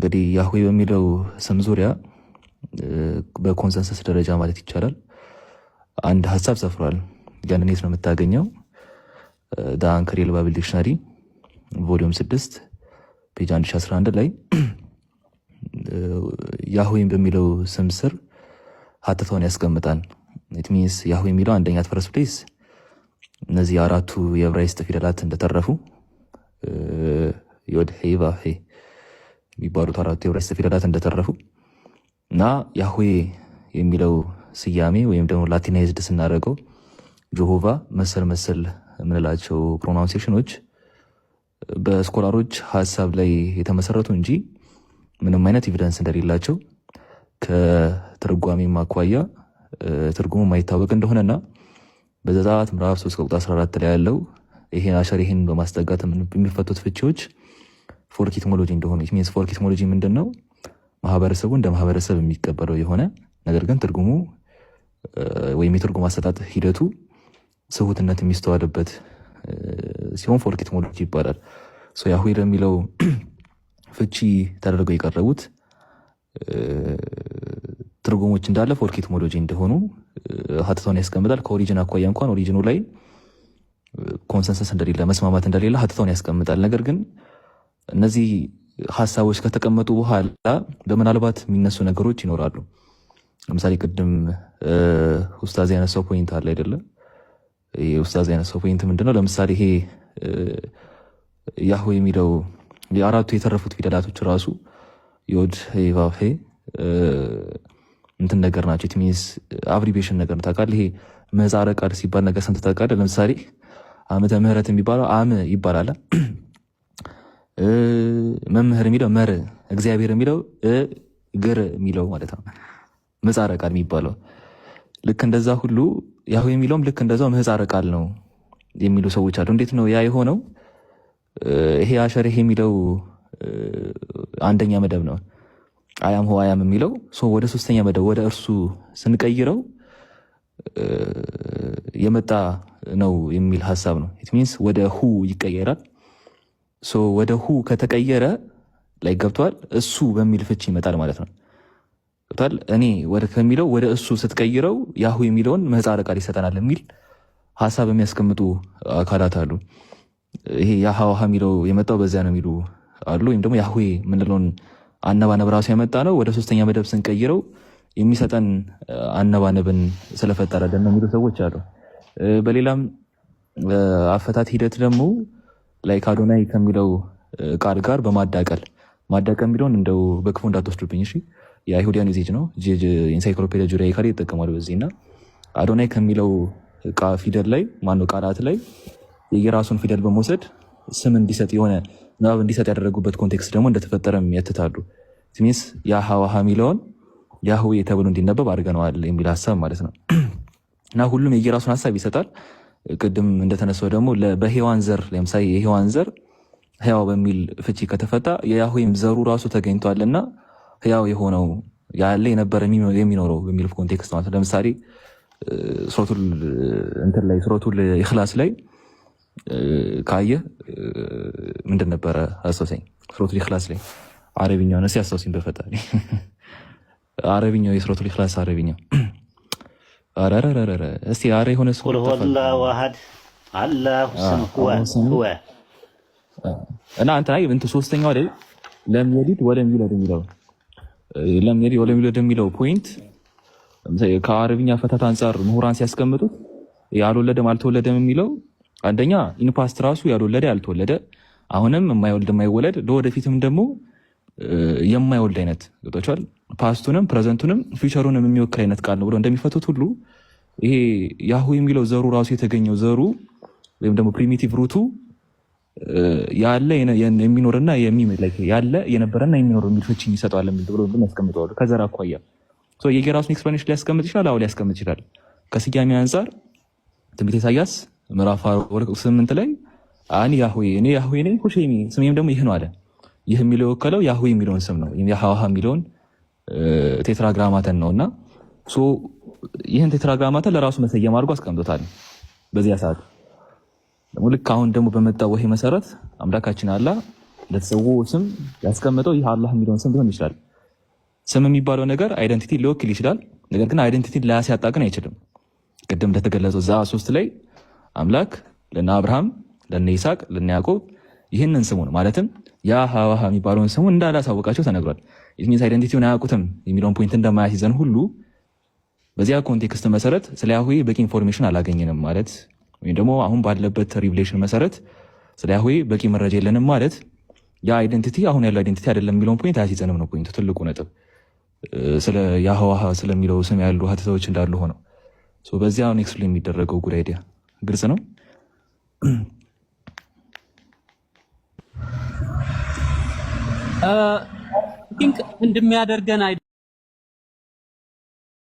እንግዲህ ያህዌ በሚለው ስም ዙሪያ በኮንሰንሰስ ደረጃ ማለት ይቻላል አንድ ሀሳብ ሰፍሯል። ያንን የት ነው የምታገኘው? ዳንክሬል ባብል ዲክሽነሪ ቮሊዩም ስድስት ፔጅ 1011 ላይ ያህዌን በሚለው ስም ስር ሀተታውን ያስቀምጣል። ኢትሚንስ ያህዌ የሚለው አንደኛ ትፈረስ ፕሌስ እነዚህ አራቱ የዕብራይስጥ ፊደላት እንደተረፉ ዮድ ሄ ቫ የሚባሉት አራቱ የዕብራይስጥ ፊደላት እንደተረፉ እና ያህዌ የሚለው ስያሜ ወይም ደግሞ ላቲናይዝድ ስናደርገው ጆሆቫ መሰል መሰል የምንላቸው ፕሮናንሴሽኖች በስኮላሮች ሀሳብ ላይ የተመሰረቱ እንጂ ምንም አይነት ኤቪደንስ እንደሌላቸው ከትርጓሜም አኳያ ትርጉሙ ማይታወቅ እንደሆነና በዘጸአት ምዕራፍ 3 ቁጥር 14 ላይ ያለው ይሄን አሸር ይሄን በማስጠጋት የሚፈቱት ፍቺዎች ፎር ቴክኖሎጂ እንደሆኑ ሚንስ ፎር ቴክኖሎጂ ምንድን ነው? ማህበረሰቡ እንደ ማህበረሰብ የሚቀበለው የሆነ ነገር ግን ትርጉሙ ወይም የትርጉም አሰጣጥ ሂደቱ ስሁትነት የሚስተዋልበት ሲሆን ፎር ቴክኖሎጂ ይባላል። ያሁ ለሚለው ፍቺ ተደርገው የቀረቡት ትርጉሞች እንዳለ ፎር ቴክኖሎጂ እንደሆኑ ሀተታውን ያስቀምጣል። ከኦሪጂን አኳያ እንኳን ኦሪጂኑ ላይ ኮንሰንሰስ እንደሌለ መስማማት እንደሌለ ሀተታውን ያስቀምጣል። ነገር ግን እነዚህ ሀሳቦች ከተቀመጡ በኋላ በምናልባት የሚነሱ ነገሮች ይኖራሉ። ለምሳሌ ቅድም ኡስታዝ ያነሳው ፖይንት አለ አይደለም? ኡስታዝ ያነሳው ፖይንት ምንድነው? ለምሳሌ ይሄ ያሁ የሚለው የአራቱ የተረፉት ፊደላቶች ራሱ የወድ ቫፌ እንትን ነገር ናቸው። ኢት አብሪቤሽን ነገር ነው። ታውቃለህ ይሄ ምህጻረ ቃል ሲባል ነገር ስንት ታውቃለህ? ለምሳሌ አመተ ምህረት የሚባለው አም ይባላል። መምህር የሚለው መር፣ እግዚአብሔር የሚለው ግር የሚለው ማለት ነው። ምህጻረ ቃል የሚባለው ልክ እንደዛ ሁሉ ያሁ የሚለውም ልክ እንደዛው ምህጻረ ቃል ነው የሚሉ ሰዎች አሉ። እንዴት ነው ያ የሆነው? ይሄ አሸርህ የሚለው አንደኛ መደብ ነው። አያም ሆ አያም የሚለው ወደ ሶስተኛ መደብ ወደ እርሱ ስንቀይረው የመጣ ነው የሚል ሀሳብ ነው። ኢት ሚንስ ወደ ሁ ይቀየራል። ወደ ሁ ከተቀየረ ላይ ገብቷል እሱ በሚል ፍቺ ይመጣል ማለት ነው። ገብቷል እኔ ከሚለው ወደ እሱ ስትቀይረው ያሁ የሚለውን ምህጻረ ቃል ይሰጠናል የሚል ሀሳብ የሚያስቀምጡ አካላት አሉ። ይሄ ያሀዋሃ የሚለው የመጣው በዚያ ነው የሚሉ አሉ። ወይም ደግሞ ያሁ የምንለውን አነባነብ ራሱ ያመጣ ነው ወደ ሶስተኛ መደብ ስንቀይረው የሚሰጠን አነባነብን ስለፈጠረ ደ የሚሉ ሰዎች አሉ። በሌላም አፈታት ሂደት ደግሞ ላይክ አዶናይ ከሚለው ቃል ጋር በማዳቀል ማዳቀል የሚለውን እንደው በክፉ እንዳትወስዱብኝ እሺ። የአይሁዲያን ዜጅ ነው ኢንሳይክሎፔዲያ ጁሪያ ካሪ ይጠቀማሉ በዚህ እና አዶናይ ከሚለው ፊደል ላይ ማነው ቃላት ላይ የየራሱን ፊደል በመውሰድ ስም እንዲሰጥ የሆነ ንባብ እንዲሰጥ ያደረጉበት ኮንቴክስት ደግሞ እንደተፈጠረም ያትታሉ። ሚንስ የአሃዋሃ የሚለውን ያህዌ ተብሎ እንዲነበብ አድርገነዋል የሚል ሀሳብ ማለት ነው እና ሁሉም የየራሱን ሀሳብ ይሰጣል። ቅድም እንደተነሳው ደግሞ በሔዋን ዘር ለምሳሌ የሔዋን ዘር ህያው በሚል ፍቺ ከተፈታ የያሁም ዘሩ ራሱ ተገኝቷልና ህያው የሆነው ያለ የነበረ የሚኖረው በሚል ኮንቴክስት ማለት ለምሳሌ ሱረቱል እንትን ላይ ሱረቱል ኢኽላስ ላይ ካየ ምንድን ነበረ አስተውሰኝ። ሱረቱል ኢኽላስ ላይ አረብኛው ነሲ አስተውሰኝ በፈጣሪ አረብኛው የሱረቱል ኢኽላስ አረብኛው አረረረረ እስቲ አረ የሆነ እና አንተ ላይ እንትን ሶስተኛው አይደል ለም የሊድ ወለም ይውለድ የሚለው ለም የሊድ ወለም ይውለድ የሚለው ፖይንት ከአረብኛ ፈታት አንጻር ምሁራን ሲያስቀምጡት ያልወለደም አልተወለደም የሚለው አንደኛ ኢንፓስት ራሱ ያልወለደ ያልተወለደ አሁንም የማይወልድ የማይወለድ ለወደፊትም ደግሞ የማይወልድ አይነት ገብቷቸዋል። ፓስቱንም ፕሬዘንቱንም ፊውቸሩንም የሚወክል አይነት ቃል ነው ብሎ እንደሚፈቱት ሁሉ ይሄ ያሁ የሚለው ዘሩ ራሱ የተገኘው ዘሩ ወይም ደግሞ ፕሪሚቲቭ ሩቱ ያለ የሚኖርና ያለ የነበረና የሚኖር የሚል ፍቺ ይሰጠዋል የሚል ብሎ ያስቀምጠዋሉ። ከዘር አኳያ የየራሱን ኤክስፕላኔሽን ሊያስቀምጥ ይችላል። አሁ ሊያስቀምጥ ይችላል። ከስያሜ አንጻር ትንቢተ ኢሳያስ ምዕራፍ ስምንት ላይ አን ያሁ እኔ ያሁ ነኝ ሁሼሚ ስሜም ደግሞ ይህ ነው አለ ይህ የሚለው የወከለው ያሁ የሚለውን ስም ነው። የሐዋሃ የሚለውን ቴትራግራማተን ነው እና ይህን ቴትራግራማተን ለራሱ መሰየም አድርጎ አስቀምጦታል። በዚያ ሰዓት ደግሞ ልክ አሁን ደግሞ በመጣ ወሄ መሰረት አምላካችን አላ ለተሰው ስም ያስቀምጠው ይህ አላህ የሚለውን ስም ሊሆን ይችላል። ስም የሚባለው ነገር አይደንቲቲ ሊወክል ይችላል። ነገር ግን አይደንቲቲ ላያሲያጣ ግን አይችልም። ቅድም እንደተገለጸው ዛ ሶስት ላይ አምላክ ለነ አብርሃም ለነ ይስሐቅ ለነ ያዕቆብ ይህንን ስሙን ማለትም ያ ሀዋሃ የሚባለውን ስሙ እንዳላሳወቃቸው ተነግሯል። ኢትሚንስ አይደንቲቲውን አያውቁትም የሚለውን ፖይንት እንደማያስይዘን ሁሉ በዚያ ኮንቴክስት መሰረት ስለ ያህዌ በቂ ኢንፎርሜሽን አላገኘንም ማለት ወይም ደግሞ አሁን ባለበት ሪቪሌሽን መሰረት ስለ ያህዌ በቂ መረጃ የለንም ማለት ያ አይደንቲቲ አሁን ያለው አይደንቲቲ አይደለም የሚለውን ፖይንት አያስይዘንም ነው ፖይንቱ ትልቁ ነጥብ። ስለ ያህዋሃ ስለሚለው ስም ያሉ ሀተታዎች እንዳሉ ሆነው በዚያ ኤክስፕሌን የሚደረገው ጉዳይ ግልጽ ነው። ቲንክ እንደሚያደርገን